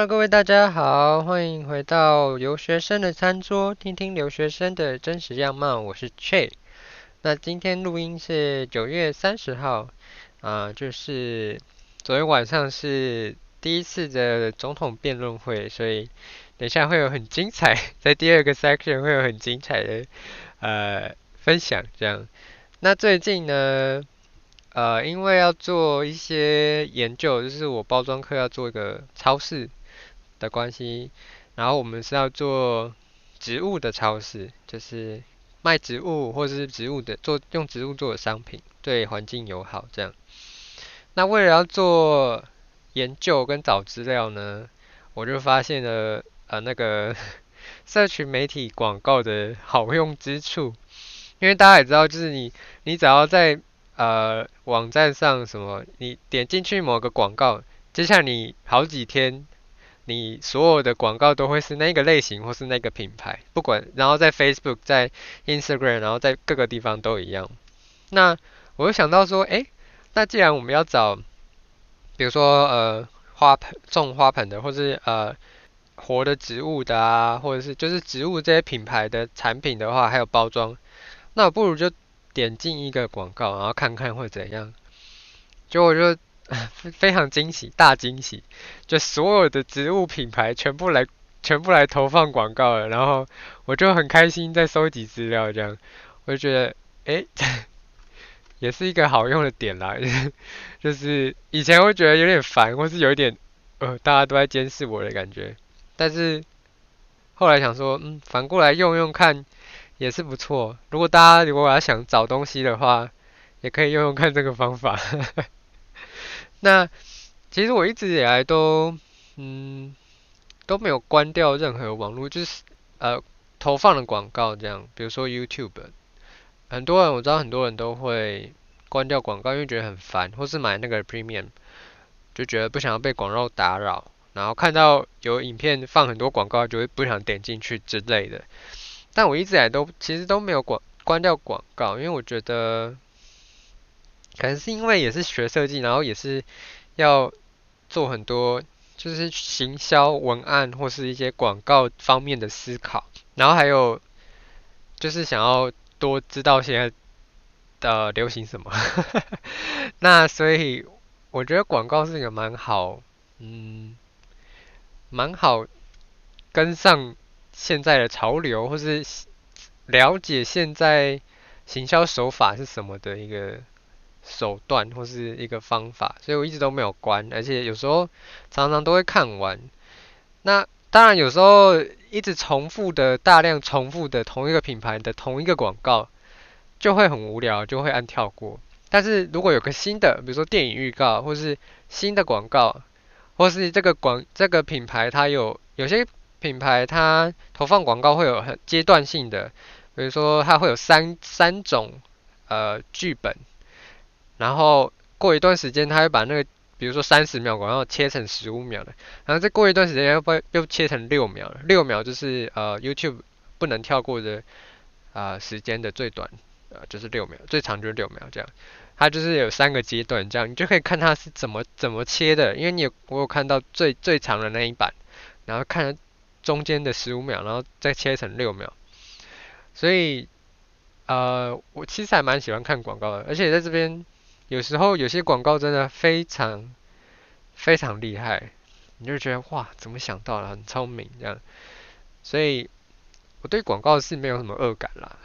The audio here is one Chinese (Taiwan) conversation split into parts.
hello 各位大家好，歡迎回到留學生的餐桌，聽聽留學生的真實樣貌。我是 Chey。那今天錄音是九月三十號，啊、呃，就是昨天晚上是第一次的總統辯論會，所以等一下會有很精彩，在第二個 section 會有很精彩的呃分享。這樣，那最近呢，呃，因為要做一些研究，就是我包裝課要做一個超市。的關係，然後我們是要做植物的超市，就是賣植物或者是植物的做用植物做的商品，對環境友好這樣。那為了要做研究跟找資料呢，我就發現了呃那個社群媒體廣告的好用之處，因為大家也知道，就是你你只要在呃網站上什麼，你點進去某個廣告，接下來你好幾天。你所有的廣告都會是那個類型或是那個品牌，不管，然後在 Facebook、在 Instagram，然後在各個地方都一樣。那我就想到說，誒、欸，那既然我們要找，比如說呃花盆、種花盆的，或是呃活的植物的啊，或者是就是植物這些品牌的產品的話，還有包裝，那我不如就點進一個廣告，然後看看會怎樣。結果就。就 非常驚喜，大驚喜！就所有的植物品牌全部來，全部來投放廣告了，然後我就很開心在收集資料，這樣我就覺得，誒，也是一個好用的點啦。 就是以前會覺得有點煩，或是有點，呃，大家都在監視我的感覺。但是後來想說，嗯，反過來用用看也是不錯。如果大家如果要想找東西的話，也可以用用看這個方法。 那其實我一直以來都嗯都沒有關掉任何網絡，就是呃投放的廣告這樣，比如說 YouTube，很多人我知道很多人都會關掉廣告，因為覺得很煩，或是買那個 Premium 就覺得不想要被廣告打擾，然後看到有影片放很多廣告就會不想點進去之類的。但我一直以來都其實都沒有關，關掉廣告，因為我覺得。可能是因為也是學設計，然後也是要做很多，就是行銷文案或是一些廣告方面的思考，然後還有就是想要多知道現在的流行什麼。 那所以我覺得廣告是一個蠻好，嗯，蠻好跟上現在的潮流，或是了解現在行銷手法是什麼的一個。手段或是一個方法，所以我一直都沒有關，而且有時候常常都會看完。那當然，有時候一直重複的，大量重複的同一個品牌的同一個廣告，就會很無聊，就會按跳過。但是如果有個新的，比如說電影預告，或是新的廣告，或是這個廣這個品牌它有，有些品牌它投放廣告會有很階段性的，比如說它會有三三種呃劇本。然後過一段時間，他會把那個，比如說三十秒廣告切成十五秒的，然後再過一段時間又會又切成六秒了，六秒就是呃，YouTube 不能跳過的啊、呃、時間的最短，呃就是六秒，最長就是六秒這樣。它就是有三個階段這樣，你就可以看它是怎麼怎麼切的。因為你有我有看到最最長的那一版，然後看中間的十五秒，然後再切成六秒。所以呃，我其實還蠻喜歡看廣告的，而且在這邊。有時候有些廣告，真的非常非常厲害，你就覺得哇，怎麼想到了，很聰明這樣。所以我對廣告是沒有什麼惡感啦。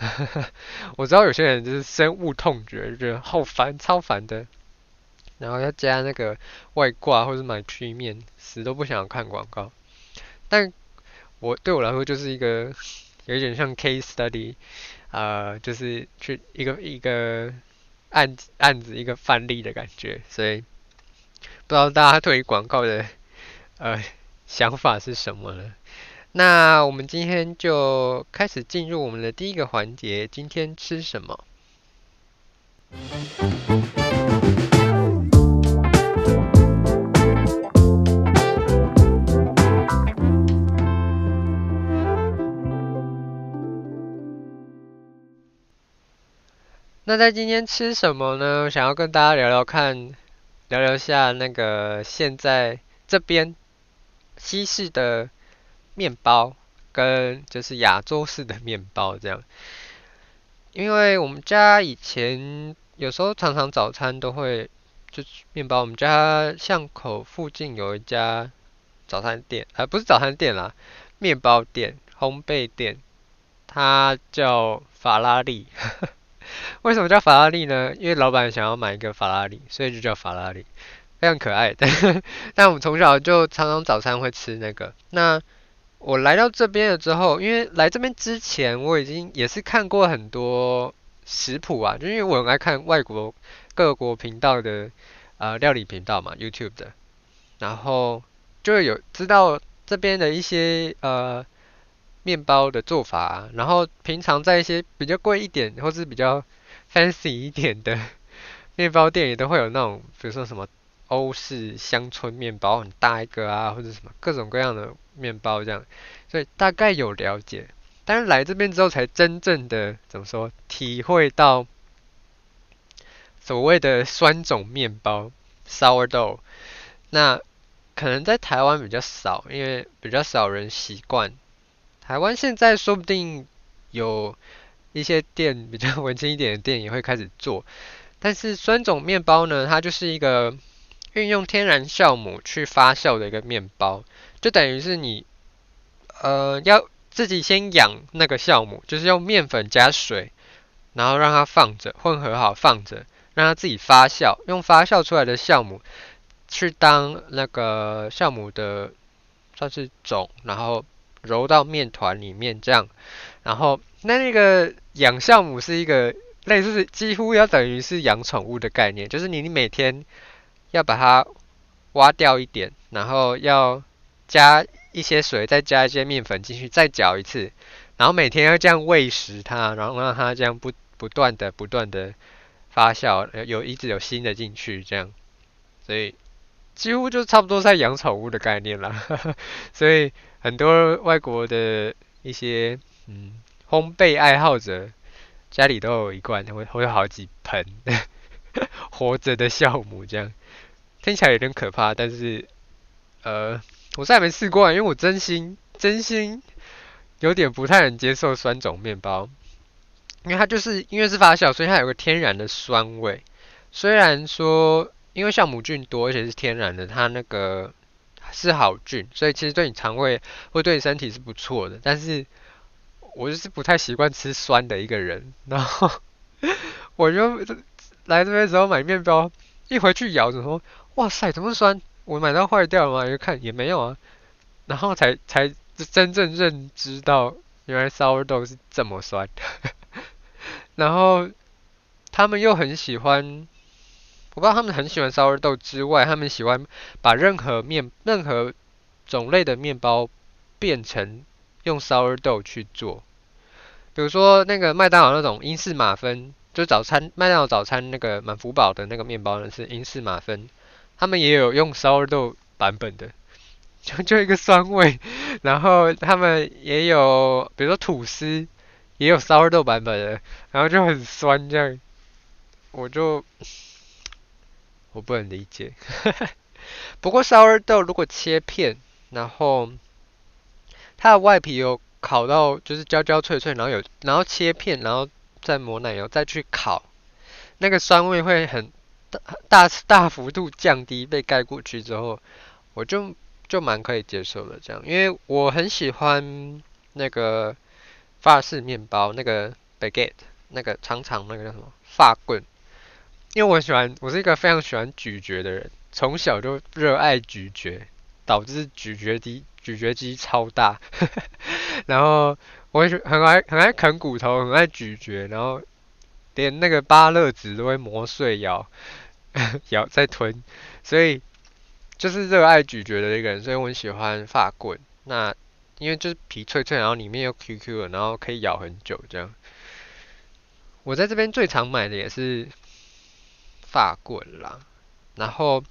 我知道有些人就是深惡痛絕，就覺得好煩，超煩的。然後要加那個外掛或者買曲面，死都不想要看廣告。但我對我來說就是一個有點像 case study，呃，就是去一個一個。案案子，一個範例的感覺，所以不知道大家對於廣告的呃想法是什麼呢？那我們今天就開始進入我們的第一個環節，今天吃什麼？ 那在今天吃什麼呢？想要跟大家聊聊看，聊聊下那個現在這邊西式的麵包跟就是亞洲式的麵包這樣，因為我們家以前有時候常常早餐都會就是麵包。我們家巷口附近有一家早餐店，呃，還不是早餐店啦，麵包店烘焙店，它叫法拉利。為什麼叫法拉利呢？因為老闆想要買一個法拉利，所以就叫法拉利，非常可愛。 但我們從小就常常早餐會吃那個。那我來到這邊了之後，因為來這邊之前我已經也是看過很多食譜啊，就因為我很愛看外國各國頻道的呃料理頻道嘛，YouTube 的，然後就有知道這邊的一些呃。麵包的做法啊，然後平常在一些比較貴一點，或是比較 fancy 一點的麵包店，也都會有那種，比如說什麼歐式鄉村麵包，很大一個啊，或者什麼各種各樣的麵包這樣，所以大概有了解。但是來這邊之後，才真正的怎麼說，體會到所謂的酸種麵包 （sourdough）。那可能在台灣比較少，因為比較少人習慣。台灣現在說不定有一些店，比較文青一點的店也會開始做，但是酸種麵包呢，它就是一個運用天然酵母去發酵的一個麵包，就等於是你呃要自己先養那個酵母，就是用麵粉加水，然後讓它放着，混合好放着，讓它自己發酵，用發酵出來的酵母去當那個酵母的算是種，然後。揉到麵糰裡面，這樣，然後那那個養酵母是一個類似幾乎要等於是養寵物的概念，就是你你每天要把它挖掉一點，然後要加一些水，再加一些麵粉進去，再攪一次，然後每天要這樣餵食它，然後讓它這樣不不斷的不斷的發酵，有一直有新的進去，這樣，所以。幾乎就差不多在養寵物的概念啦， 所以很多外國的一些嗯烘焙愛好者家裡都有一罐，會會有好幾盆 活着的酵母。這樣聽起來有點可怕，但是呃我再也沒試過，因為我真心真心有點不太能接受酸種麵包，因為它就是因為是發酵，所以它有個天然的酸味，雖然說，因為酵母菌多，而且是天然的，它那個是好菌，所以其實對你腸胃或對你身體是不錯的。但是，我就是不太習慣吃酸的一個人，然後我就來這邊時候買麵包，一回去咬之後，哇塞，怎麼酸？我買到壞掉了嘛！一看也沒有啊，然後才才真正認知到原來 sourdough 是這麼酸。 然後他們又很喜歡。我不知道他們很喜歡 sourdough 之外，他們喜歡把任何麵、任何種類的麵包變成用 sourdough 去做。比如說那個麥當勞那種英式馬芬，就早餐麥當勞早餐那個滿福堡的那個麵包呢，是英式馬芬，他們也有用 sourdough 版本的，就一個酸味。然後他們也有，比如說吐司，也有 sourdough 版本的，然後就很酸這樣。我就。我不能理解，哈哈，不過 sourdough 如果切片，然後它的外皮有烤到就是焦焦脆脆，然後有然後切片，然後再抹奶油，再去烤，那個酸味會很大大大幅度降低，被蓋過去之後，我就就蠻可以接受的這樣，因為我很喜歡那個法式麵包，那個 baguette，那個長長那個叫什麼法棍。因為我喜歡，我是一個非常喜歡咀嚼的人，從小就熱愛咀嚼，導致咀嚼肌咀嚼肌超大， 然後我很很愛很愛啃骨頭，很愛咀嚼，然後連那個芭樂籽都會磨碎咬， 咬再吞，所以就是熱愛咀嚼的一個人，所以我很喜歡法棍，那因為就是皮脆脆，然後裡面有 Q Q 的，然後可以咬很久這樣。我在這邊最常買的也是。大滾啦，然後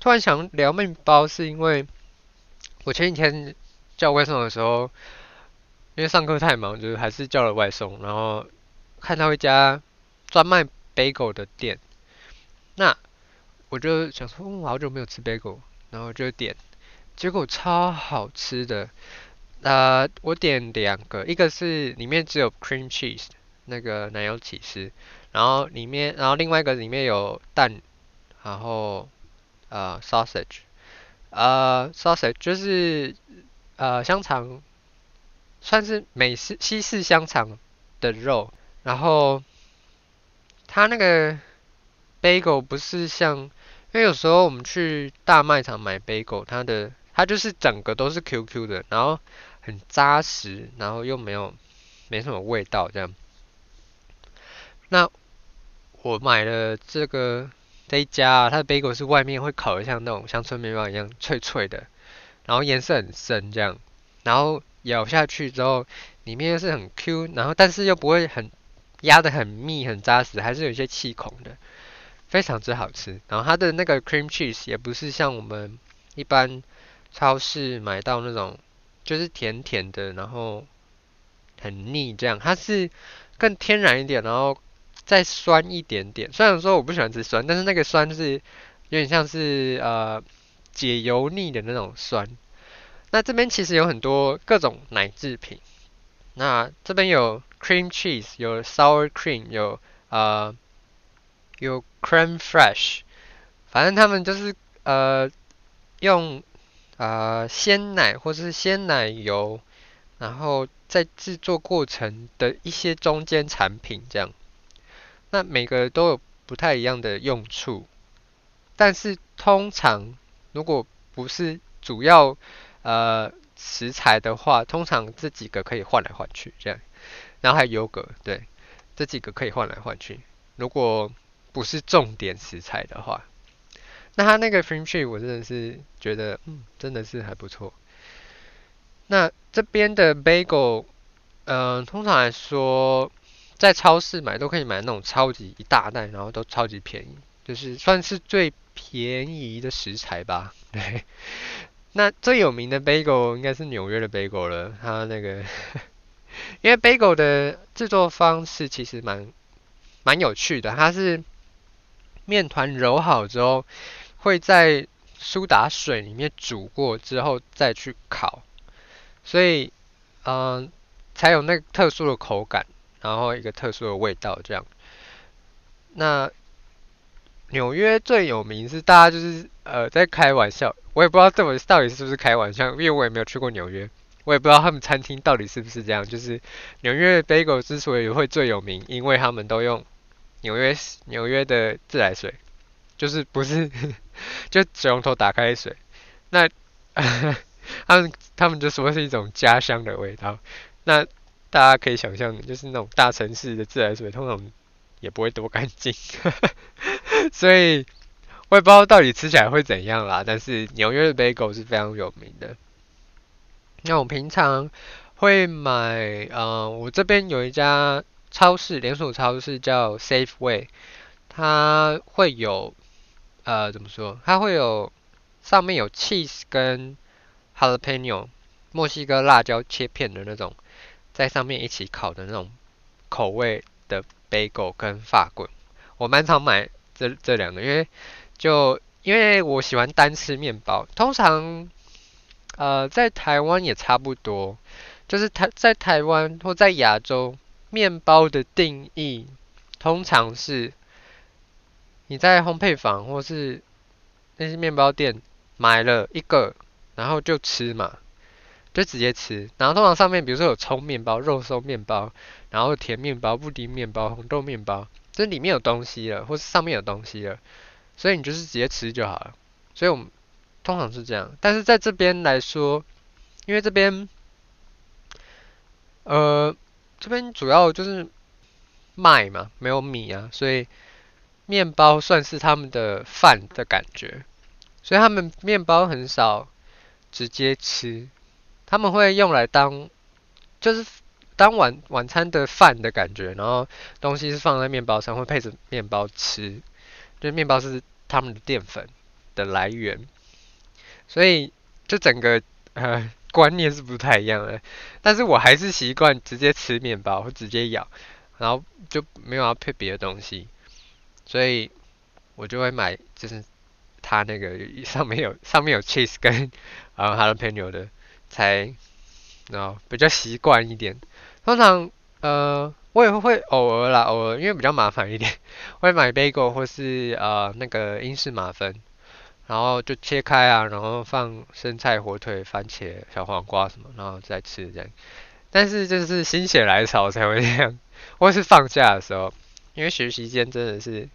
突然想聊麵包，是因為我前幾天叫外送的時候，因為上課太忙，就是還是叫了外送，然後看到一家專賣 bagel 的店，那我就想說，好久沒有吃 bagel，然後就點，結果超好吃的。呃，那我點兩個，一個是裡面只有 cream cheese 那個奶油起司。然後裡面，然後另外一個裡面有蛋，然後呃，sausage，呃，sausage 就是呃香腸，算是美式西式香腸的肉。然後它那個 bagel 不是像，因為有時候我們去大賣場買 bagel，它的它就是整個都是 QQ 的，然後很扎實，然後又沒有沒什麼味道這樣。那我買了這個，這一家啊，它的 bagel 是外面會烤得像那種鄉村麵包一樣脆脆的，然後顏色很深這樣，然後咬下去之後裡面又是很 Q，然後但是又不會很壓得很密很扎實，還是有一些氣孔的，非常之好吃。然後它的那個 cream cheese 也不是像我們一般超市買到那種就是甜甜的，然後很膩這樣，它是更天然一點，然後。再酸一點點，雖然說我不喜歡吃酸，但是那個酸是有點像是呃解油膩的那種酸。那這邊其實有很多各種奶製品，那這邊有 cream cheese，有 sour cream，有呃有 crème fraîche，反正他們就是呃用呃鮮奶或是鮮奶油，然後在製作過程的一些中間產品這樣。那每個都有不太一樣的用處，但是通常如果不是主要呃食材的話，通常這幾個可以換來換去這樣，然後還有優格，對，這幾個可以換來換去，如果不是重點食材的話，那他那個 f r i t r e 我真的是覺得嗯真的是還不錯。那這邊的 bagel，嗯、呃，通常來說。在超市買都可以買那種超級一大袋，然後都超級便宜，就是算是最便宜的食材吧。對，那最有名的 bagel 應該是紐約的 bagel 了。它那個，因為 bagel 的製作方式其實蠻蠻有趣的，它是麵團揉好之後會在蘇打水裡面煮過之後再去烤，所以嗯、呃、才有那個特殊的口感。然後一個特殊的味道，這樣。那紐約最有名是大家就是呃在開玩笑，我也不知道這這回到底是不是開玩笑，因為我也沒有去過紐約，我也不知道他們餐廳到底是不是這樣。就是紐約的 BAGEL 之所以會最有名，因為他們都用紐約紐約的自來水，就是不是 就水龍頭打開水，那 他們他們就說是一種家鄉的味道，那。大家可以想象，就是那種大城市的自來水，通常也不會多乾淨，哈哈，所以我也不知道到底吃起來會怎樣啦。但是紐約的 bagel 是非常有名的。那我平常會買，呃，我這邊有一家超市，連鎖超市叫 Safeway，它會有，呃，怎麼說？它會有上面有 cheese 跟 jalapeno 墨西哥辣椒切片的那種。在上面一起烤的那種口味的 bagel 跟法棍。我蠻常買這這兩個，因為就因為我喜歡單吃麵包。通常，呃，在台灣也差不多，就是台在台灣或在亞洲，麵包的定義通常是你在烘焙坊或是那些麵包店買了一個，然後就吃嘛。就直接吃，然後通常上面比如說有蔥麵包、肉鬆麵包，然後甜麵包、布丁麵包、紅豆麵包，這裡面有東西了，或是上面有東西了，所以你就是直接吃就好了。所以我們通常是這樣，但是在這邊來說，因為這邊，呃，這邊主要就是麥嘛，沒有米啊，所以麵包算是他們的飯的感覺，所以他們麵包很少直接吃。他們會用來當，就是當晚晚餐的飯的感覺，然後東西是放在面包上，會配着面包吃。就面包是他們的澱粉的來源，所以就整個呃觀念是不太一樣的。但是我還是習慣直接吃面包，或直接咬，然後就沒有要配別的東西。所以，我就會買，就是他那個上面有上面有 cheese 跟呃 jalapeno 的。 才，然後比較習慣一點。通常，呃，我也會會偶爾啦，偶爾，因為比較麻煩一點， 會買貝果或是呃那個英式馬芬，然後就切開啊，然後放生菜、火腿、番茄、小黃瓜什麼，然後再吃這樣。但是就是心血來潮才會這樣， 或是放假的時候，因為學習間真的是，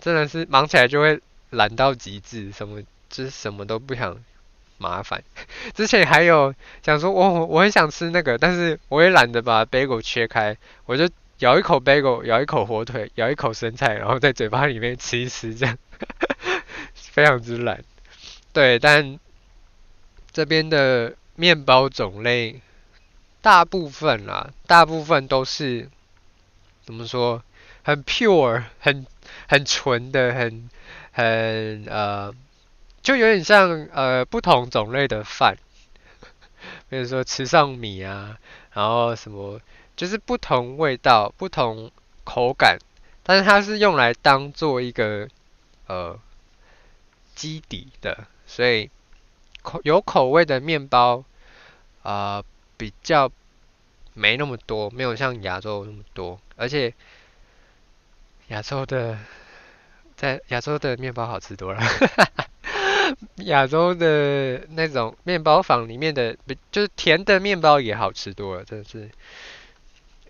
真的是忙起來就會懶到極致，什麼就是什麼都不想。麻煩，之前還有想說我我很想吃那個，但是我也懶得把 bagel 切開，我就咬一口 bagel，咬一口火腿，咬一口生菜，然後在嘴巴裡面吃一吃，這樣 非常之懶。對，但這邊的面包種類大部分啊，大部分都是怎麼說，很 pure，很很純的，很很呃。就有點像呃不同種類的飯， 比如說池上米啊，然後什麼就是不同味道、不同口感，但是它是用來當做一個呃基底的，所以口有口味的麵包啊、呃、比較沒那麼多，沒有像亞洲那麼多，而且亞洲的在亞洲的麵包好吃多了。 亞洲的那種麵包房裡面的，不就是甜的麵包也好吃多了，真是。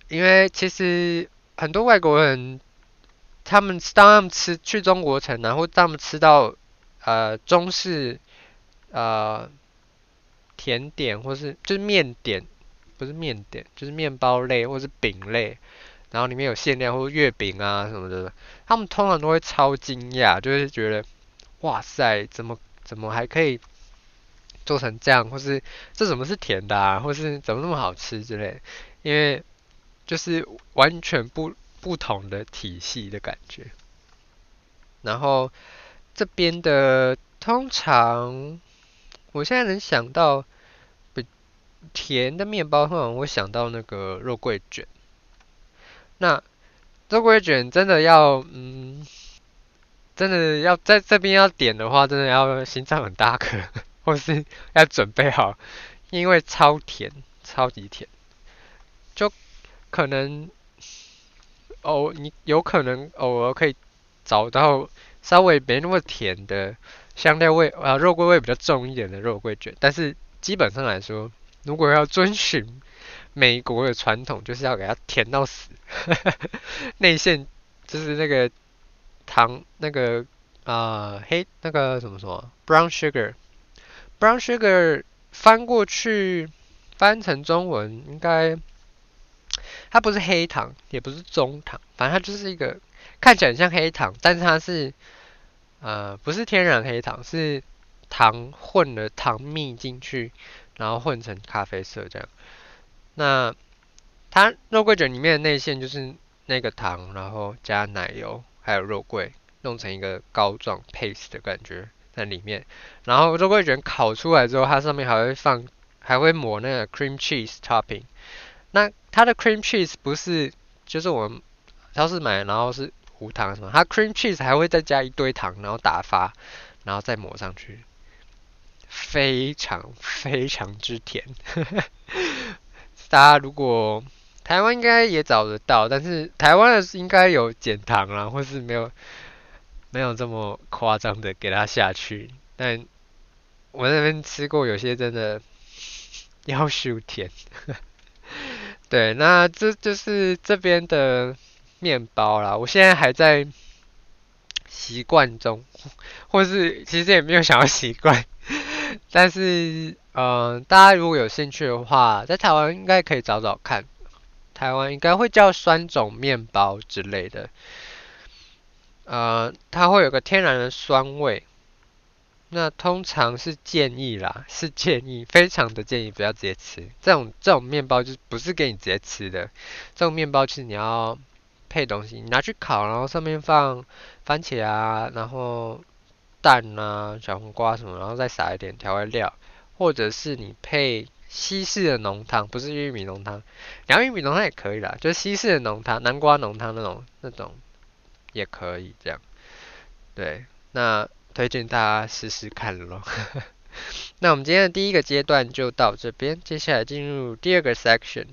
因為其實很多外國人，他們當他們吃去中國城，然後當他們吃到呃中式呃甜點，或是就是麵點，不是麵點，就是麵包類或是餅類，然後裡面有餡料或月餅啊什麼的，他們通常都會超驚訝，就是覺得哇塞，怎麼？怎麼還可以做成這樣？或是這怎麼是甜的啊？或是怎麼那麼好吃之類的？因為就是完全不不同的體系的感覺。然後這邊的通常，我現在能想到甜的面包，通常會想到那個肉桂卷。那肉桂卷真的要，嗯，真的要在這邊要點的話，真的要心臟很大顆，或是要準備好，因為超甜，超級甜，就可能偶你有可能偶爾可以找到稍微沒那麼甜的香料味啊、肉桂味比較重一點的肉桂捲，但是基本上來說，如果要遵循美國的傳統，就是要給它甜到死，內餡就是那個。糖那個啊、呃、黑那個什麼什麼 brown sugar brown sugar 翻過去翻成中文應該，它不是黑糖也不是棕糖，反正它就是一個看起來很像黑糖，但是它是呃不是天然黑糖，是糖混了糖蜜進去，然後混成咖啡色這樣。那它肉桂卷裡面的內餡就是那個糖，然後加奶油。還有肉桂，弄成一個膏狀 paste 的感覺在裡面。然後肉桂卷烤出來之後，它上面還會放，還會抹那個 cream cheese topping。那它的 cream cheese 不是就是我們超市買，然後是無糖什麼？它 cream cheese 還會再加一堆糖，然後打發，然後再抹上去，非常非常之甜。 大家如果台灣應該也找得到，但是台灣的應該有減糖啦，或是沒有沒有這麼誇張的給它下去。但我那邊吃過，有些真的夭壽甜。 對，那這就是這邊的麵包啦。我現在還在習慣中，或是其實也沒有想要習慣。但是，嗯、呃，大家如果有興趣的話，在台灣應該可以找找看。台灣應該會叫酸種麵包之類的，呃，它會有個天然的酸味。那通常是建議啦，是建議，非常的建議不要直接吃這種這種麵包，就不是給你直接吃的。這種麵包其實你要配東西，你拿去烤，然後上面放番茄啊，然後蛋啊、小黃瓜什麼，然後再撒一點調味料，或者是你配。西式的濃湯不是玉米濃湯，然後玉米濃湯也可以啦，就是西式的濃湯，南瓜濃湯那種那種也可以這樣，對，那推薦大家試試看咯。 那我們今天的第一個階段就到這邊，接下來進入第二個 section。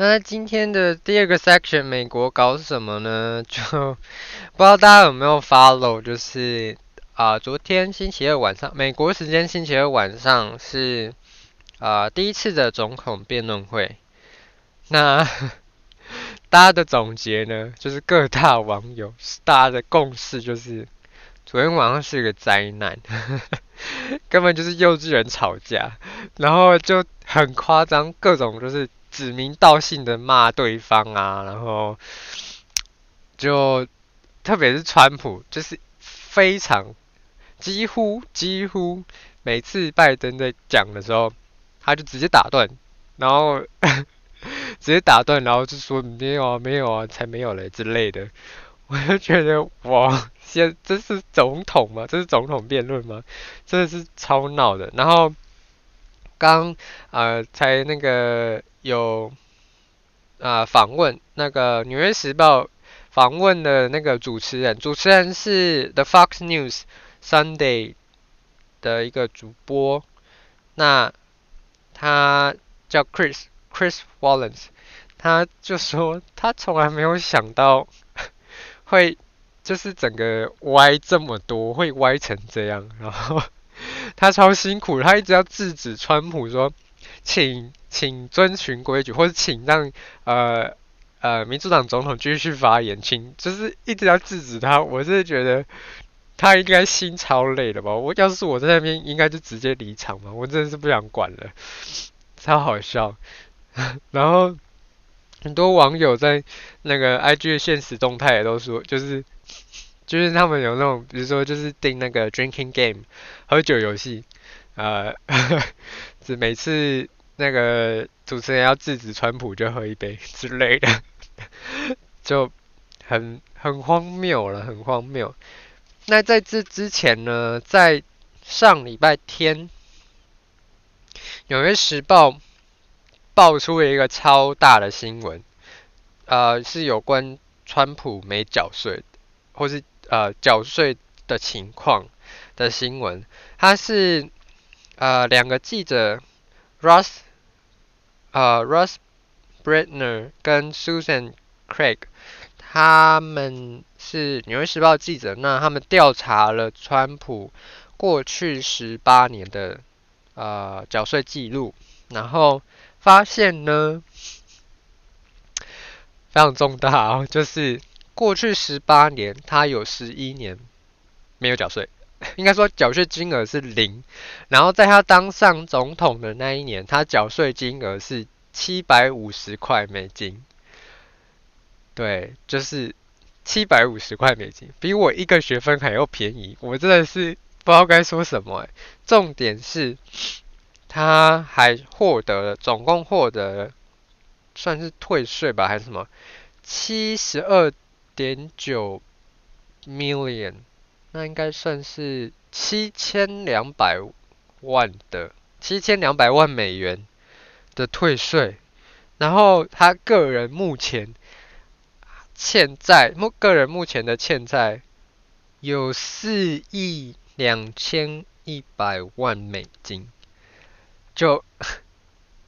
那今天的第二個 section，美國搞什麼呢？就不知道大家有沒有 follow，就是啊、呃，昨天星期二晚上，美國時間星期二晚上是啊、呃、第一次的總統辯論會。那大家的總結呢，就是各大網友大家的共識就是，昨天晚上是個災難，根本就是幼稚園吵架，然後就很誇張，各種就是。指名道姓的罵對方啊，然後就特別是川普，就是非常幾乎幾乎每次拜登在講的時候，他就直接打斷，然後呵呵直接打斷，然後就說沒有啊沒有啊才沒有嘞之類的，我就覺得哇，現這是總統嗎？這是總統辯論嗎？真的是超鬧的，然後。剛啊、呃，才那個有啊、呃、訪問那個《紐約時報》訪問的那個主持人，主持人是《The Fox News Sunday》的一個主播，那他叫 Chris Chris Wallace，他就說他從來沒有想到會就是整個歪這麼多，會歪成這樣，然後。他超辛苦，他一直要制止川普說，請請遵循規矩，或者請讓呃呃民主黨總統繼續發言，請就是一直要制止他。我是覺得他應該心超累了吧？我要是我在那邊，應該就直接離場嘛。我真的是不想管了，超好笑。 然後很多網友在那個 IG 的現實動態也都說，就是。就是他們有那種，比如說，就是訂那個 drinking game 喝酒遊戲，呃，是每次那個主持人要制止川普就喝一杯之類的，就很很荒謬了，很荒謬。那在這之前呢，在上禮拜天，《紐約時報》爆出了一個超大的新聞，呃，是有關川普沒繳稅，或是。呃，繳稅的情況的新聞，他是呃兩個記者，Russ 呃 Russ Brittner 跟 Susan Craig，他們是《紐約時報》記者，那他們調查了川普過去十八年的呃繳稅記錄，然後發現呢非常重大哦，就是。過去十八年，他有十一年沒有繳稅，應該說繳稅金額是零。然後在他當上總統的那一年，他繳稅金額是七百五十塊美金。對，就是七百五十塊美金，比我一個學分還要便宜。我真的是不知道該說什麼欸。重點是，他還獲得了，總共獲得了，算是退稅吧，還是什麼七十二。點九 million，那應該算是七千兩百萬的，七千兩百萬美元的退稅。然後他個人目前欠債，個人目前的欠債有四億兩千一百萬美金，就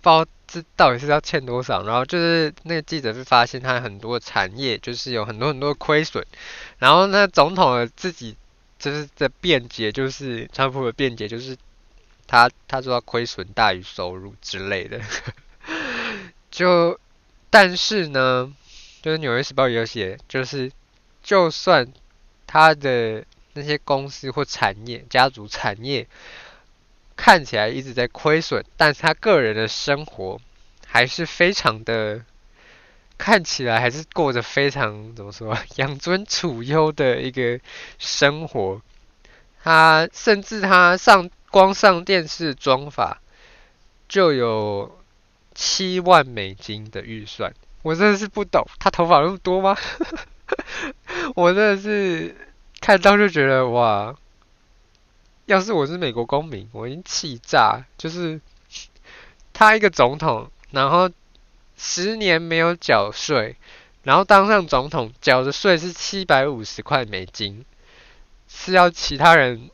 包。這到底是要欠多少？然後就是那個記者是發現他很多產業就是有很多很多虧損，然後那總統的自己就是的辯解，就是川普的辯解就是他他說他虧損大於收入之類的。 就但是呢，就是《紐約時報》有寫，就是就算他的那些公司或產業家族產業。看起來一直在虧損，但是他個人的生活還是非常的，看起來還是過着非常，怎麼說，養尊處優的一個生活。他甚至他上光上電視妝髮就有七萬美金的預算，我真的是不懂，他頭髮那麼多嗎？ 我真的是看到就覺得哇。要是我是美國公民，我已經氣炸。就是他一個總統，然後十年沒有繳稅，然後當上總統繳的稅是七百五十塊美金，是要其他人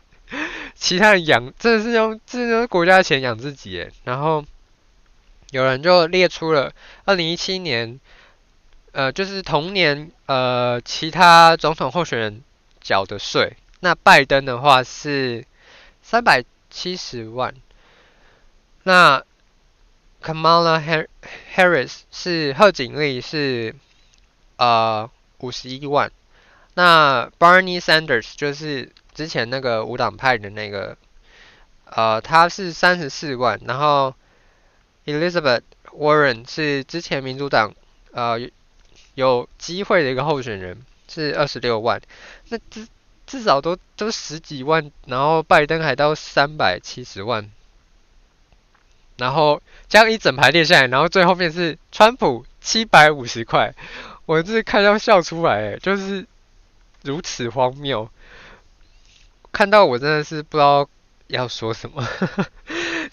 其他人養，這是用這是用國家的錢養自己。然後有人就列出了二零一七年，呃，就是同年呃其他總統候選人繳的稅。那拜登的話是三百七十萬。那 Kamala Harris 是賀錦麗是呃五十一萬。那 Barney Sanders 就是之前那個無黨派的那個，呃，他是三十四萬。然後 Elizabeth Warren 是之前民主黨呃有機會的一個候選人是二十六萬。那這至少都都十幾萬，然後拜登還到三百七十萬，然後這樣一整排列下來，然後最後面是川普七百五十塊，我這是看到笑出來，就是如此荒謬，看到我真的是不知道要說什麼，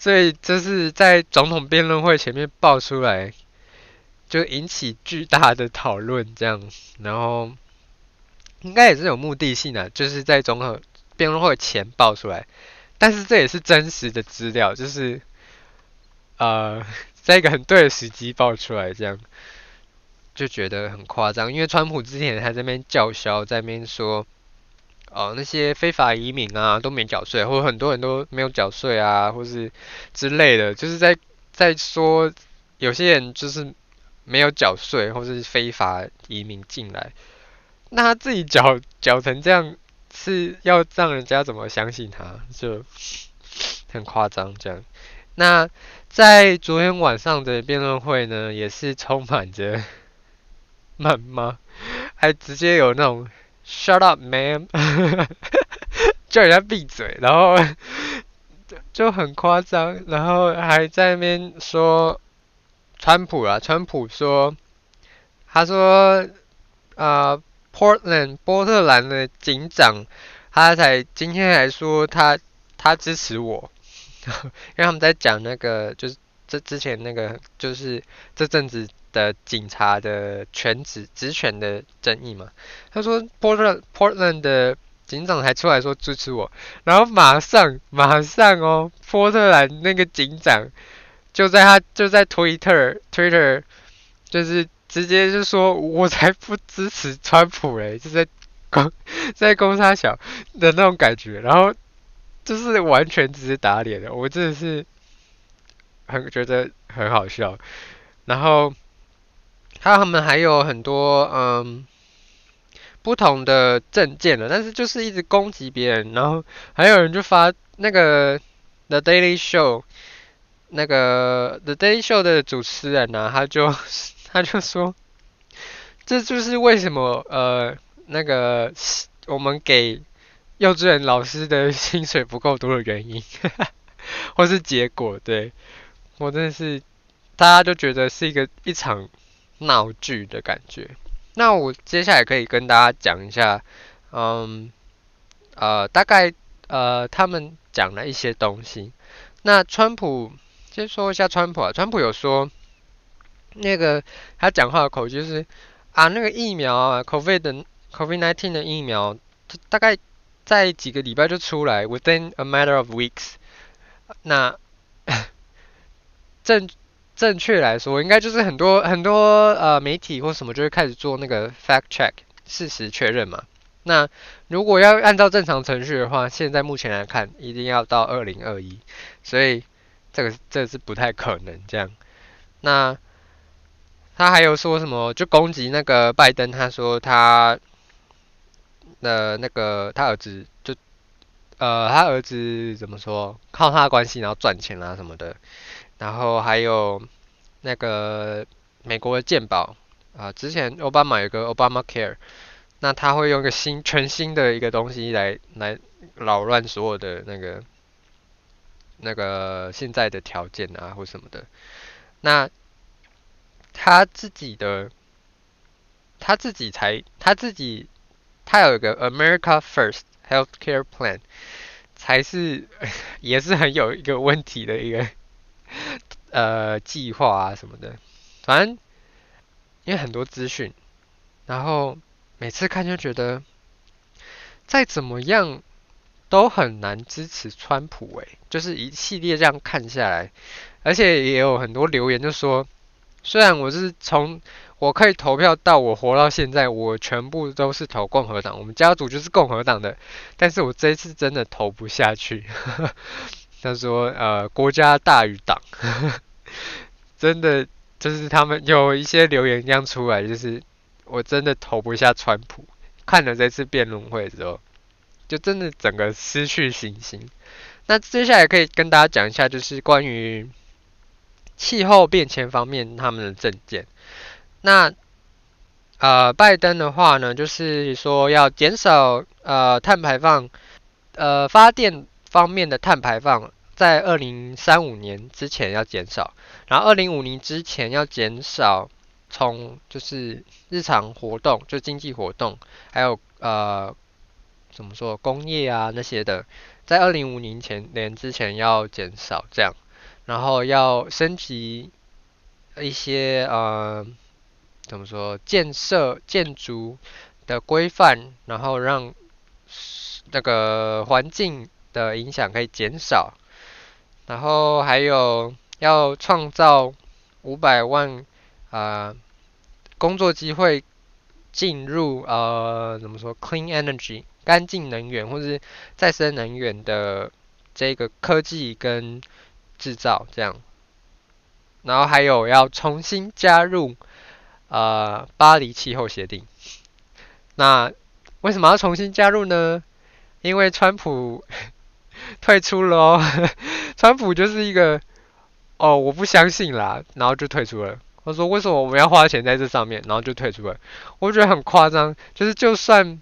所以就是在總統辯論會前面爆出來，就引起巨大的討論這樣，然後。應該也是有目的性的。啊，就是在總統辯論會前爆出來，但是這也是真實的資料，就是呃，在一個很對的時機爆出來，這樣就覺得很誇張。因為川普之前還在那邊叫囂，在那邊說哦、呃、那些非法移民啊都沒繳稅，或者很多人都沒有繳稅啊，或是之類的，就是在在說有些人就是沒有繳稅，或是非法移民進來。那他自己攪攪成這樣，是要讓人家怎麼相信他？就很誇張這樣。那在昨天晚上的辯論會呢，也是充滿着謾罵，還直接有那種 “shut up, man”，叫人家閉嘴，然後就很誇張，然後還在那邊說川普啊，川普說：“他說，啊、呃。” Portland 波特蘭的警長，他才今天還說他他支持我， 因為他們在講那個就是這之前那個就是這陣子的警察的權職職權的爭議嘛。他說波特 Portland 的警長還出來說支持我，然後馬上馬上哦，波特蘭那個警長就在他就在推特 Twitter 就是。直接就說：“我才不支持川普嘞！”就在攻在攻他小的那種感覺，然後就是完全只是打臉的。我真的是很覺得很好笑。然後他他們還有很多嗯不同的政見的，但是就是一直攻擊別人。然後還有人就發那個《The Daily Show》，那個《The Daily Show》的主持人呢、啊，他就。他就說：“這就是為什麼呃，那個我們給幼稚園老師的薪水不夠多的原因，哈哈，或是結果，對，我真是大家就覺得是一個一場鬧劇的感覺。那我接下來可以跟大家講一下，嗯，呃，大概呃，他們講了一些東西。那川普，先說一下川普啊，川普有說。”那個他講話的口氣就是啊，那個疫苗啊，COVID 的 COVID nineteen 的疫苗，大概在幾個禮拜就出來，within a matter of weeks。那正正確來說，應該就是很多很多呃媒體或什麼就會開始做那個 fact check 事實確認嘛。那如果要按照正常程序的話，現在目前來看，一定要到二零二一，所以這個是這個是不太可能這樣。那他還有說什麼？就攻擊那個拜登，他說他的那個他兒子就，呃，他兒子怎麼說？靠他的關係然後賺錢啦、啊、什麼的。然後還有那個美國的健保啊，之前奧巴馬有個 Obama Care，那他會用一個新全新的一個東西來來擾亂所有的那個那個現在的條件啊或什麼的。那。他自己的，他自己才他自己，他有一個 America First Healthcare Plan，才是也是很有一個問題的一個呃計劃啊什麼的。反正因為很多資訊，然後每次看就覺得，再怎麼樣都很難支持川普。誒，就是一系列這樣看下來，而且也有很多留言就說。雖然我是從我可以投票到我活到現在，我全部都是投共和黨，我們家族就是共和黨的，但是我這一次真的投不下去。他、就是、說，呃，國家大於黨，真的就是他們有一些留言這樣出來，就是我真的投不下川普。看了這次辯論會的時候，就真的整個失去信心。那接下來可以跟大家講一下，就是關於。氣候變遷方面，他們的政見。那，呃，拜登的話呢，就是說要減少呃碳排放，呃，發電方面的碳排放在二零三五年之前要減少，然後二零五零之前要減少從就是日常活動，就經濟活動，還有呃怎麼說工業啊那些的，在二零五零前年之前要減少這樣。然後要升級一些呃，怎麼說，建設建築的規範，然後讓那個環境的影響可以減少。然後還有要創造五百萬啊、呃、工作機會，進入呃怎麼說，clean energy 乾淨能源或者是再生能源的這個科技跟。製造這樣，然後還有要重新加入，呃，巴黎氣候協定。那為什麼要重新加入呢？因為川普退出了哦。川普就是一個，哦，我不相信啦，然後就退出了。我說為什麼我們要花錢在這上面？然後就退出了。我覺得很誇張，就是就算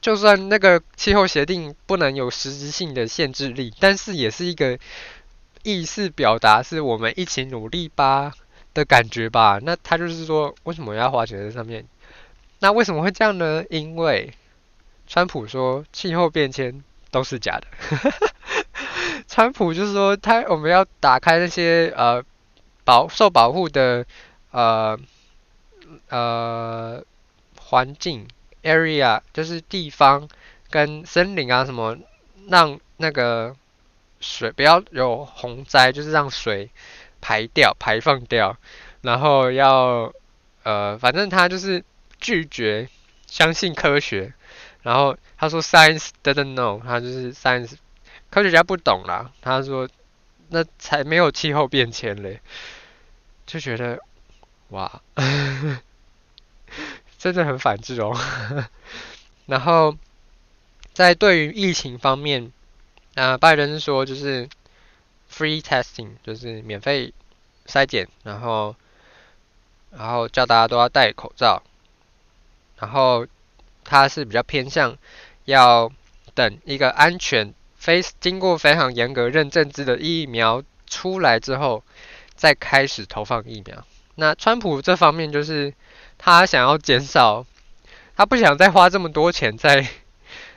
就算那個氣候協定不能有實質性的限制力，但是也是一個。意思表達是我們一起努力吧的感覺吧。那他就是說，為什麼要花錢在上面？那為什麼會這樣呢？因為川普說氣候變遷都是假的。 川普就是說，他我們要打開那些呃，保受保護的呃呃環境 area，就是地方跟森林啊什麼，讓那個。水不要有洪災，就是讓水排掉、排放掉，然後要呃，反正他就是拒絕相信科學，然後他說 science doesn't know，他就是 science 科學家不懂啦。他說那才沒有氣候變遷嘞，就覺得哇呵呵，真的很反智哦。然後在對於疫情方面。那拜登是說，就是 free testing，就是免費篩檢，然後然後叫大家都要戴口罩，然後他是比較偏向要等一個安全、非經過非常嚴格認證制的疫苗出來之後，再開始投放疫苗。那川普這方面就是他想要減少，他不想再花這麼多錢在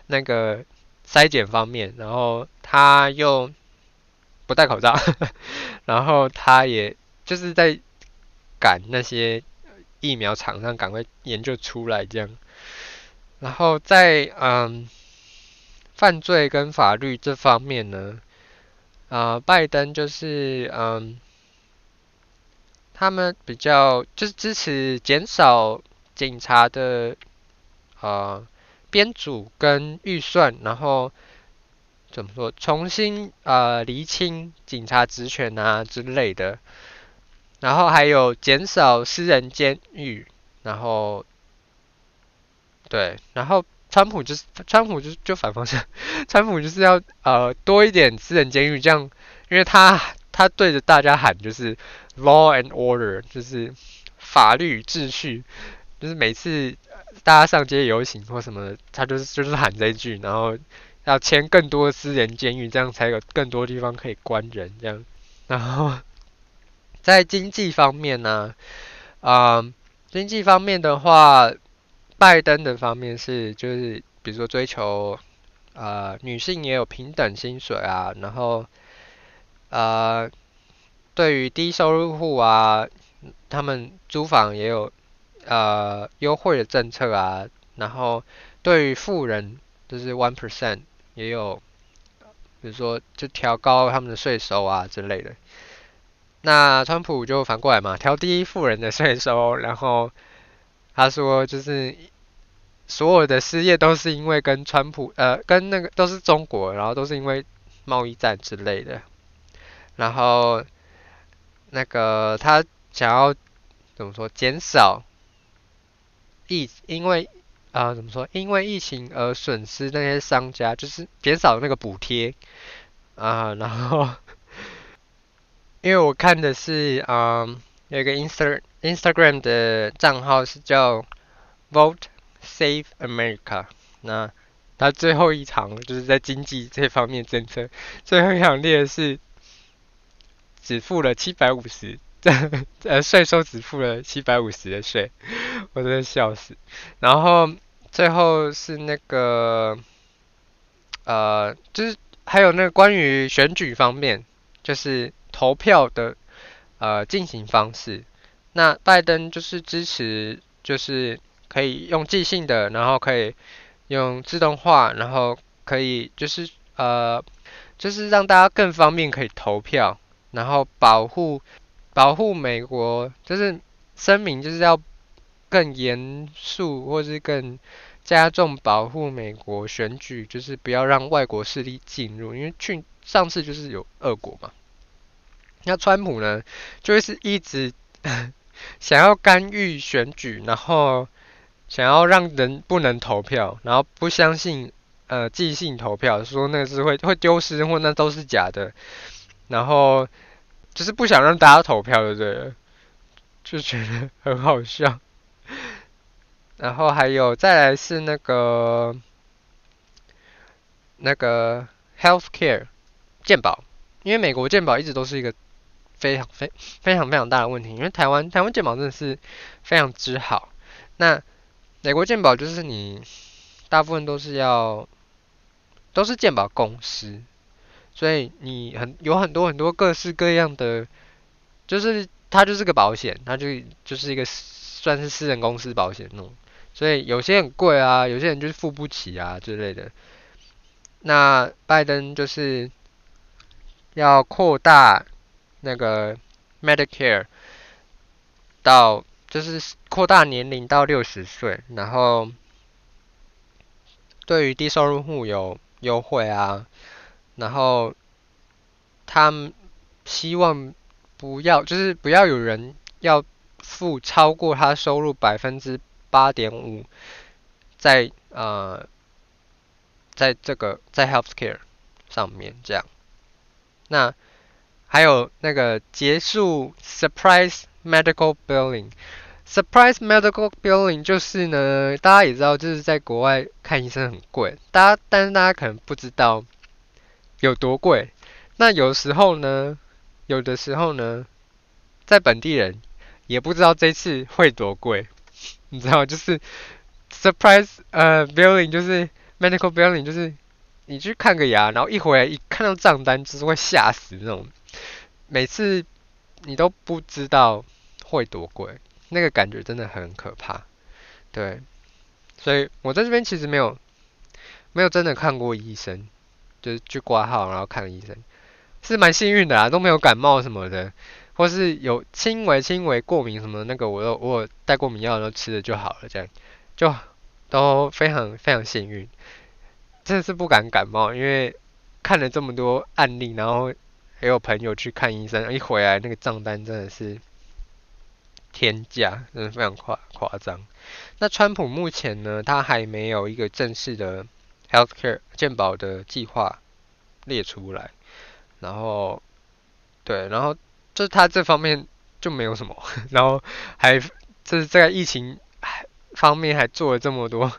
那個。篩檢方面，然後他又不戴口罩呵呵，然後他也就是在趕那些疫苗廠商趕快研究出來這樣，然後在嗯犯罪跟法律這方面呢，啊、呃，拜登就是嗯他們比較就是支持減少警察的啊。呃編組跟預算，然後怎麼說？重新呃釐清警察職權啊之類的，然後還有減少私人監獄，然後對，然後川普就是川普就是就反方向，川普就是要呃多一點私人監獄，這樣，因為他他對着大家喊就是 law and order，就是法律秩序，就是每次。大家上街遊行或什麼的，他就是就是喊這一句，然後要建更多私人監獄，這樣才有更多地方可以關人。這樣，然後在經濟方面呢，啊，呃、經濟方面的話，拜登的方面是就是，比如說追求啊、呃，女性也有平等薪水啊，然後啊、呃，對於低收入戶啊，他們租房也有。呃，優惠的政策啊，然後對於富人就是 one percent 也有，比如說就調高他們的稅收啊之類的。那川普就反過來嘛，調低富人的稅收，然後他說就是所有的失業都是因為跟川普，呃，跟那個都是中國，然後都是因為貿易戰之類的。然後那個他想要怎麼說減少？因為啊、呃、怎麼說？因為疫情而損失那些商家，就是減少那個補貼啊。然後因為我看的是啊、呃，有一個 Inst ra, Instagram 的賬號是叫 Vote Save America。那他最後一場就是在經濟這方面政策，最後一場列的是只付了七百五十。這 呃，稅收只付了七百五十的稅，我真的笑死。然後最後是那個呃，就是還有那個關於選舉方面，就是投票的呃進行方式。那拜登就是支持，就是可以用寄信的，然後可以用自動化，然後可以就是呃，就是讓大家更方便可以投票，然後保護。保護美國就是聲明，就是要更嚴肅，或是更加重保護美國選舉，就是不要讓外國勢力進入，因為去上次就是有俄國嘛。那川普呢，就是一直想要干預選舉，然後想要讓人不能投票，然後不相信呃即興投票，說那個是會會丟失或那都是假的，然後。就是不想讓大家投票，對不對，就覺得很好笑。然後還有再來是那個那個 healthcare 健保，因為美國健保一直都是一個非常非非常非常大的問題。因為台灣台灣健保真的是非常之好，那美國健保就是你大部分都是要都是健保公司。所以你很有很多很多各式各樣的，就是它就是個保險，它就就是一個算是私人公司保險那種。所以有些很貴啊，有些人就是付不起啊之類的。那拜登就是要擴大那個 Medicare 到就是擴大年齡到六十歲，然後對於低收入戶有優惠啊。然後，他們希望不要，就是不要有人要付超過他收入百分之八點五，在呃，在這個在 healthcare 上面這樣。那還有那個結束 surprise medical billing。Surprise medical billing 就是呢，大家也知道，就是在國外看醫生很貴，大家但是大家可能不知道。有多貴？那有時候呢？有的時候呢，在本地人也不知道這次會多貴，你知道，就是 surprise 呃 billing 就是 medical billing 就是你去看個牙，然後一回來一看到賬單，就是會嚇死那種。每次你都不知道會多貴，那個感覺真的很可怕，對。所以我在這邊其實沒有沒有真的看過醫生。就是去掛號，然後看醫生，是蠻幸運的啦，都沒有感冒什麼的，或是有輕微輕微過敏什麼的那個，我都有我帶過敏藥，然後吃了就好了，這樣就都非常非常幸運，真的是不敢感冒，因為看了這麼多案例，然後還有朋友去看醫生，一回來那個賬單真的是天價，真的非常誇誇張。那川普目前呢，他還沒有一個正式的。healthcare 健保的計劃列出來，然後對，然後就他這方面就沒有什麼，然後還就是在疫情方面還做了這麼多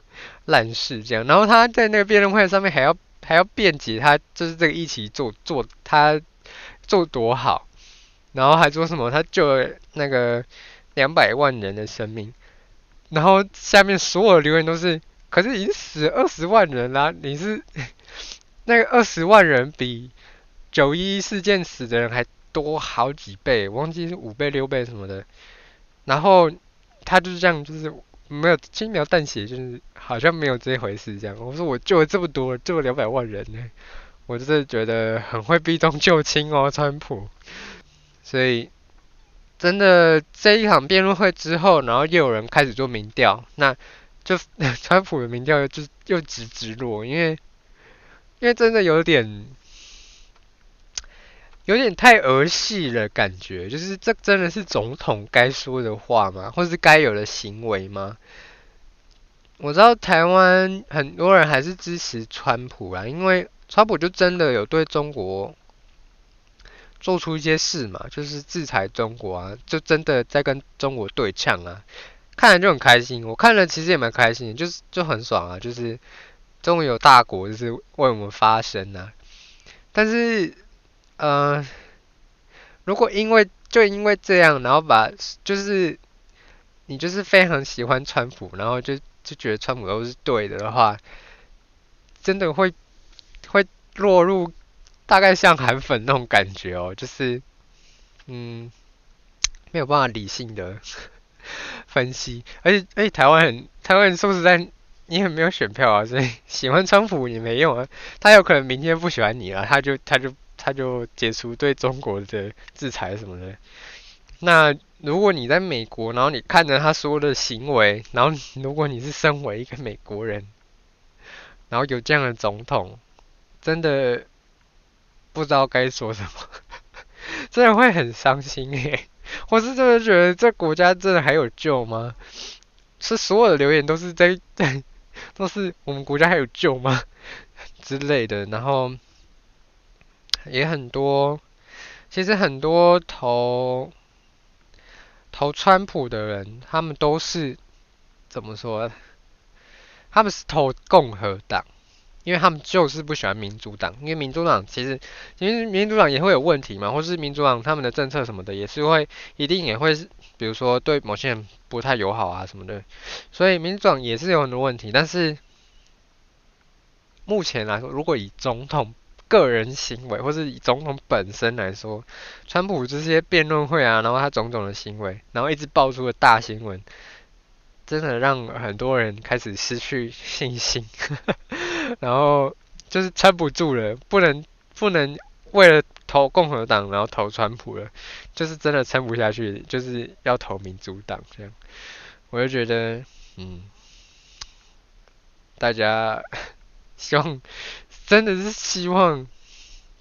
爛事，這樣，然後他在那個辯論會上面還要還要辯解，他就是這個疫情做做他做多好，然後還說什麼他救了那個兩百萬人的生命，然後下面所有的留言都是。可是已經死二十萬人啦！啊，你是那個二十萬人比九一一事件死的人還多好幾倍，我忘記是五倍六倍什麼的。然後他就是這樣，就是沒有輕描淡寫，就是好像沒有這一回事這樣。我說我救了這麼多，救了兩百萬人呢、欸，我就是覺得很會避重就輕哦，川普。所以真的這一場辯論會之後，然後又有人開始做民調，那。就川普的民調就又直直落，因為因為真的有點有點太兒戲了感覺，就是這真的是總統該說的話嗎？或是該有的行為嗎？我知道台灣很多人還是支持川普啊，因為川普就真的有對中國做出一些事嘛，就是制裁中國啊，就真的在跟中國對嗆啊。看了就很開心，我看了其實也蠻開心，就是就很爽啊，就是終於有大國就是為我們發聲啊。但是，呃，如果因為就因為這樣，然後把就是你就是非常喜歡川普，然後就就覺得川普都是對的的話，真的會會落入大概像韓粉那種感覺哦，就是嗯沒有辦法理性的。分析，而且，而且台灣人，台灣人說實在，你很沒有選票啊，所以喜歡川普也沒用啊。他有可能明天不喜歡你了，他就，他就，他就解除對中國的制裁什麼的。那如果你在美國，然後你看着他說的行為，然後如果你是身為一個美國人，然後有這樣的總統，真的不知道該說什麼，真的會很傷心誒、欸。我是真的覺得這國家真的還有救嗎？是所有的留言都是在在都是我們國家還有救嗎？之類的，然後也很多。其實很多投投川普的人，他們都是怎麼說？他們是投共和黨。因為他們就是不喜歡民主黨，因為民主黨其實，因為民主黨也會有問題嘛，或是民主黨他們的政策什麼的也是會一定也會比如說對某些人不太友好啊什麼的，所以民主黨也是有很多問題。但是目前來說，如果以總統個人行為或是以總統本身來說，川普這些辯論會啊，然後他種種的行為，然後一直爆出了大新聞，真的讓很多人開始失去信心。 然後就是撐不住了，不能不能為了投共和黨，然後投川普了，就是真的撐不下去，就是要投民主黨這樣。我就覺得，嗯，大家希望真的是希望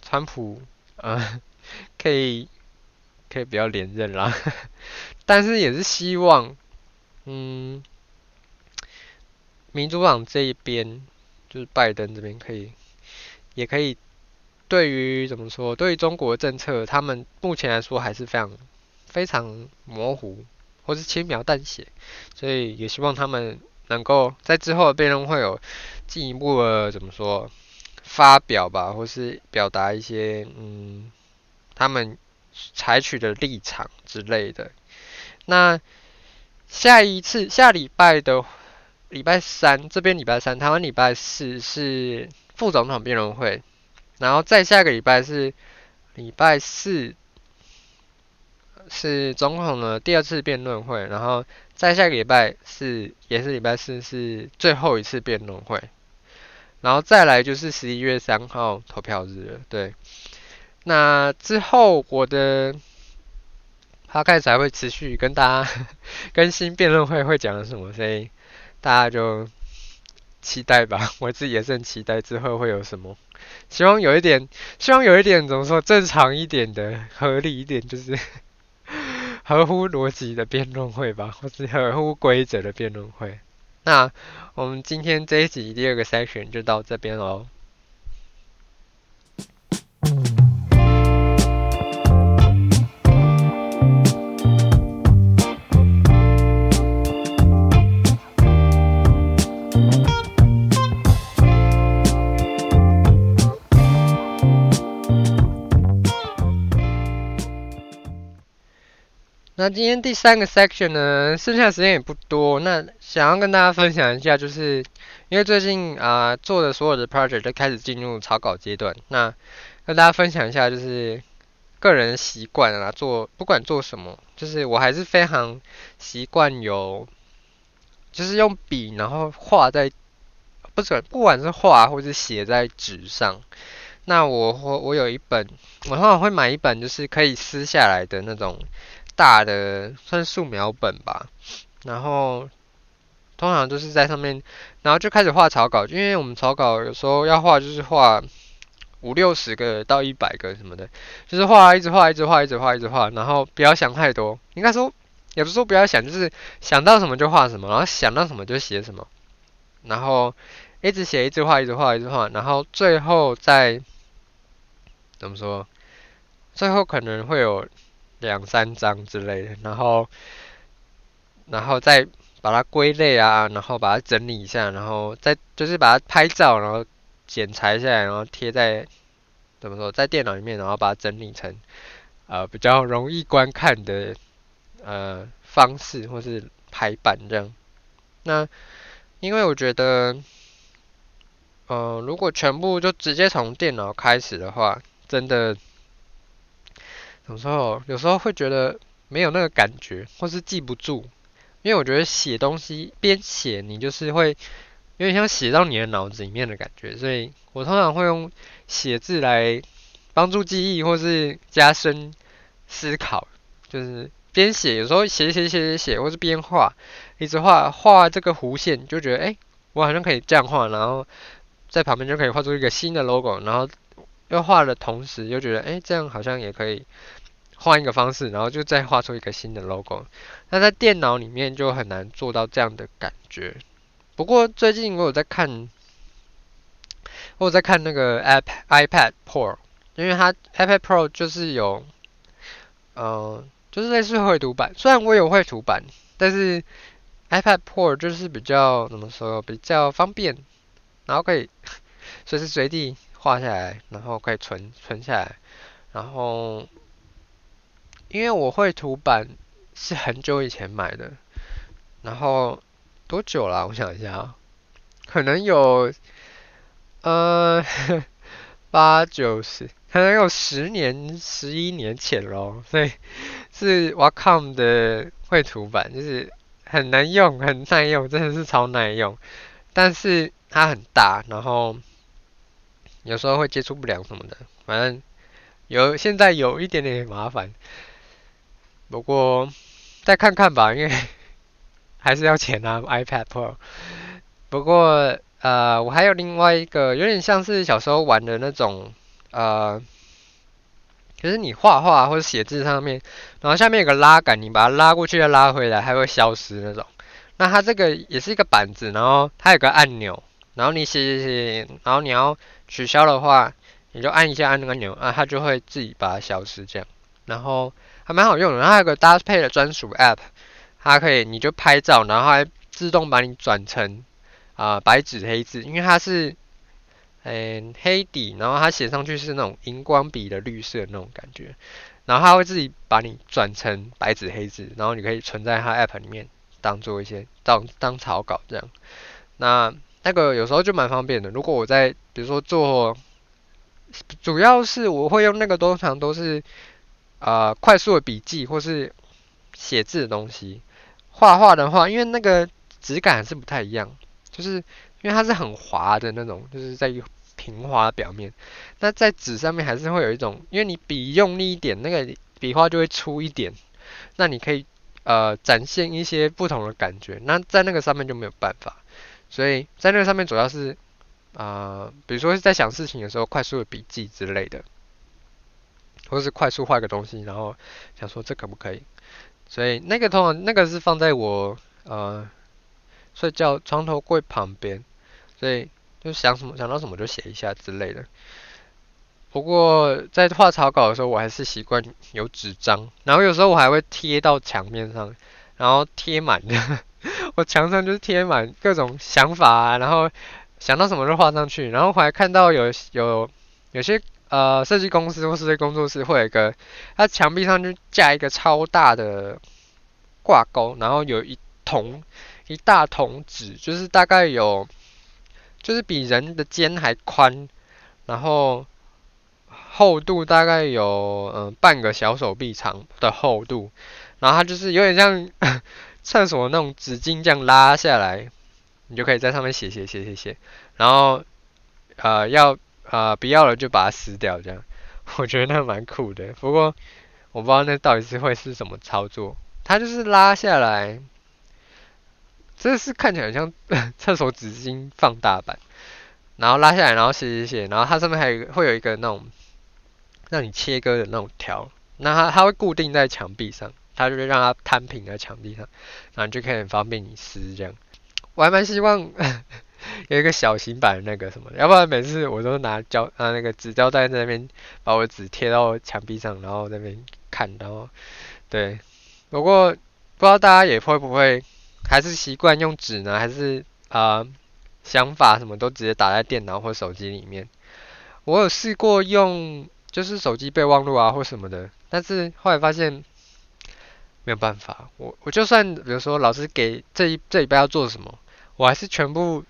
川普啊，呃，可以可以不要連任啦，呵呵，但是也是希望，嗯，民主黨這一邊。就是拜登這邊可以，也可以對於怎麼說？對於中國的政策，他們目前來說還是非常非常模糊，或是輕描淡寫。所以也希望他們能夠在之後的辯論會有進一步的怎麼說發表吧，或是表達一些嗯他們採取的立場之類的。那下一次下禮拜的。禮拜三這邊，禮拜三，台灣禮拜四是副總統辯論會，然後再下個禮拜是禮拜四，拜四是總統的第二次辯論會，然後再下個禮拜是也是禮拜四是最後一次辯論會，然後再來就是十一月三號投票日了。對，那之後我的，他開始還會持續跟大家 更新辯論會會講的什麼聲音。大家就期待吧，我自己也是很期待之後會有什麼。希望有一點，希望有一點怎麼說正常一點的、合理一點，就是合乎邏輯的辯論會吧，或是合乎規則的辯論會。那我們今天這一集第二個 section 就到這邊嘍。那今天第三個 section 呢，剩下的時間也不多，那想要跟大家分享一下，就是因為最近啊做的所有的 project 都開始進入草稿階段，那跟大家分享一下，就是個人習慣啊，做不管做什麼，就是我還是非常習慣有，就是用筆然後畫在，不是不管是畫或是寫在紙上，那我，我我有一本，我常常會買一本，就是可以撕下來的那種。大的算素描本吧，然後通常都是在上面，然後就開始畫草稿，因為我們草稿有時候要畫就是畫五六十個到一百個什麼的，就是畫一直畫一直畫一直畫一直畫，然後不要想太多，應該說也不是說不要想，就是想到什麼就畫什麼，然後想到什麼就寫什麼，然後一直寫一直畫一直畫一直畫，然後最後再怎麼說，最後可能會有。兩三張之類的，然後，然後再把它歸類啊，然後把它整理一下，然後再就是把它拍照，然後剪裁下來，然後貼在怎麼說，在電腦裡面，然後把它整理成呃比較容易觀看的呃方式，或是排版這樣。那因為我覺得，呃，如果全部就直接從電腦開始的話，真的。有時候，有時候會覺得沒有那個感覺，或是記不住，因為我覺得寫東西，邊寫你就是會有點像寫到你的腦子裡面的感覺，所以我通常會用寫字來幫助記憶或是加深思考，就是邊寫，有時候寫寫寫寫寫，或是邊畫，一直畫畫這個弧線，就覺得欸，我好像可以這樣畫，然後在旁邊就可以畫出一個新的 logo，然後要畫的同時又覺得欸，這樣好像也可以。換一個方式，然後就再畫出一個新的 logo。那在電腦裡面就很難做到這樣的感覺。不過最近我有在看，我有在看那個 iPad iPad Pro，因為它 iPad Pro 就是有，嗯，就是類似繪圖板。雖然我有繪圖板，但是 iPad Pro 就是比較怎麼說，比較方便，然後可以隨時隨地畫下來，然後可以存存下來，然後。因為我繪圖板是很久以前買的，然後多久啦、啊？我想一下、啊，可能有呃呵八九十，可能有十年、十一年前咯。所以是 Wacom 的繪圖板，就是很難用，很耐用，真的是超耐用。但是它很大，然後有時候會接觸不良什麼的，反正有現在有一點點麻煩。不過，再看看吧，因為還是要錢啊，iPad Pro。 不過，呃，我還有另外一個，有點像是小時候玩的那種，呃，就是你畫畫或者寫字上面，然後下面有個拉桿，你把它拉過去再拉回來，它會消失那種。那它這個也是一個板子，然後它有個按鈕，然後你寫寫寫，然後你要取消的話，你就按一下按那個鈕啊，它就會自己把它消失這樣，然後。還蠻好用的，然後它有個搭配的專屬 App，它可以你就拍照，然後它自動把你轉成啊、呃、白紙黑字，因為它是嗯、欸、黑底，然後它寫上去是那種熒光筆的綠色的那種感覺，然後它會自己把你轉成白紙黑字，然後你可以存在它 App 裡面當做一些當當草稿這樣。那那個有時候就蠻方便的，如果我在比如說做，主要是我會用那個通常都是。呃，快速的筆記或是寫字的東西，畫畫的話，因為那個質感還是不太一樣，就是因為它是很滑的那種，就是在於平滑表面。那在紙上面還是會有一種，因為你筆用力一點，那個筆畫就會粗一點，那你可以呃展現一些不同的感覺。那在那個上面就沒有辦法，所以在那個上面主要是呃，比如說是在想事情的時候，快速的筆記之類的。或是快速畫個東西，然後想說，這可不可以？所以那個通常那個是放在我呃睡覺床頭櫃旁邊，所以就想什麼想到什麼就寫一下之類的。不過在畫草稿的時候，我還是習慣有紙張，然後有時候我還會貼到牆面上，然後貼滿的， 我牆上就是貼滿各種想法啊，然後想到什麼就畫上去，然後還看到有有有些。呃，設計公司或是工作室會有一個，它牆壁上就架一個超大的掛鈎，然後有一桶一大桶紙，就是大概有，就是比人的肩還寬，然後厚度大概有嗯、呃、半個小手臂長的厚度，然後它就是有點像廁所那種紙巾這樣拉下來，你就可以在上面寫寫寫寫寫，然後呃要。啊，呃、不要了就把它撕掉，這樣我覺得那蠻酷的。不過我不知道那到底是會是什麼操作，它就是拉下來，這是看起來像廁所紙巾放大版，然後拉下來，然後寫寫寫，然後它上面還有會有一個那種讓你切割的那種條，那它它會固定在牆壁上，它就是讓它攤平在牆壁上，然後就可以很方便你撕這樣。我還蠻希望。 有一個小型版的那個什麼，要不然每次我都拿膠啊那個紙膠帶在那邊把我紙貼到牆壁上，然後在那邊看，然後對。不過不知道大家也會不會，還是習慣用紙呢？還是啊、呃、想法什麼都直接打在電腦或手機裡面？我有試過用，就是手機備忘錄啊或什麼的，但是後來發現沒有辦法。我我就算比如說老師給這一這禮拜要做什麼，我還是全部。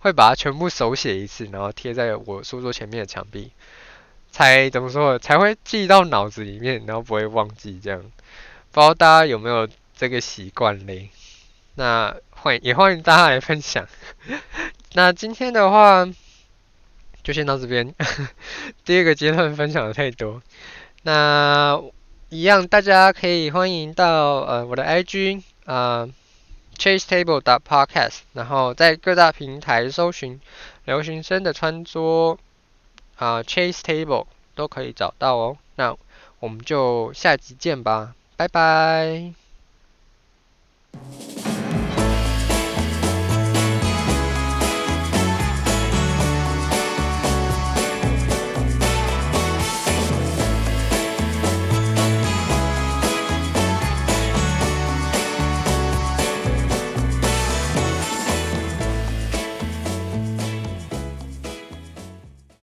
會把它全部手寫一次，然後貼在我書桌前面的牆壁，才怎麼說才會記到腦子裡面，然後不會忘記這樣。不知道大家有沒有這個習慣嘞？那歡也歡迎大家來分享。 那今天的話就先到這邊， 第二個階段分享的太多。那一樣大家可以歡迎到呃我的 IG 啊、呃。Chase Table 的 podcast，然後在各大平台搜尋留學生的餐桌，啊，Chey's Table 都可以找到哦。那我們就下集見吧，拜拜。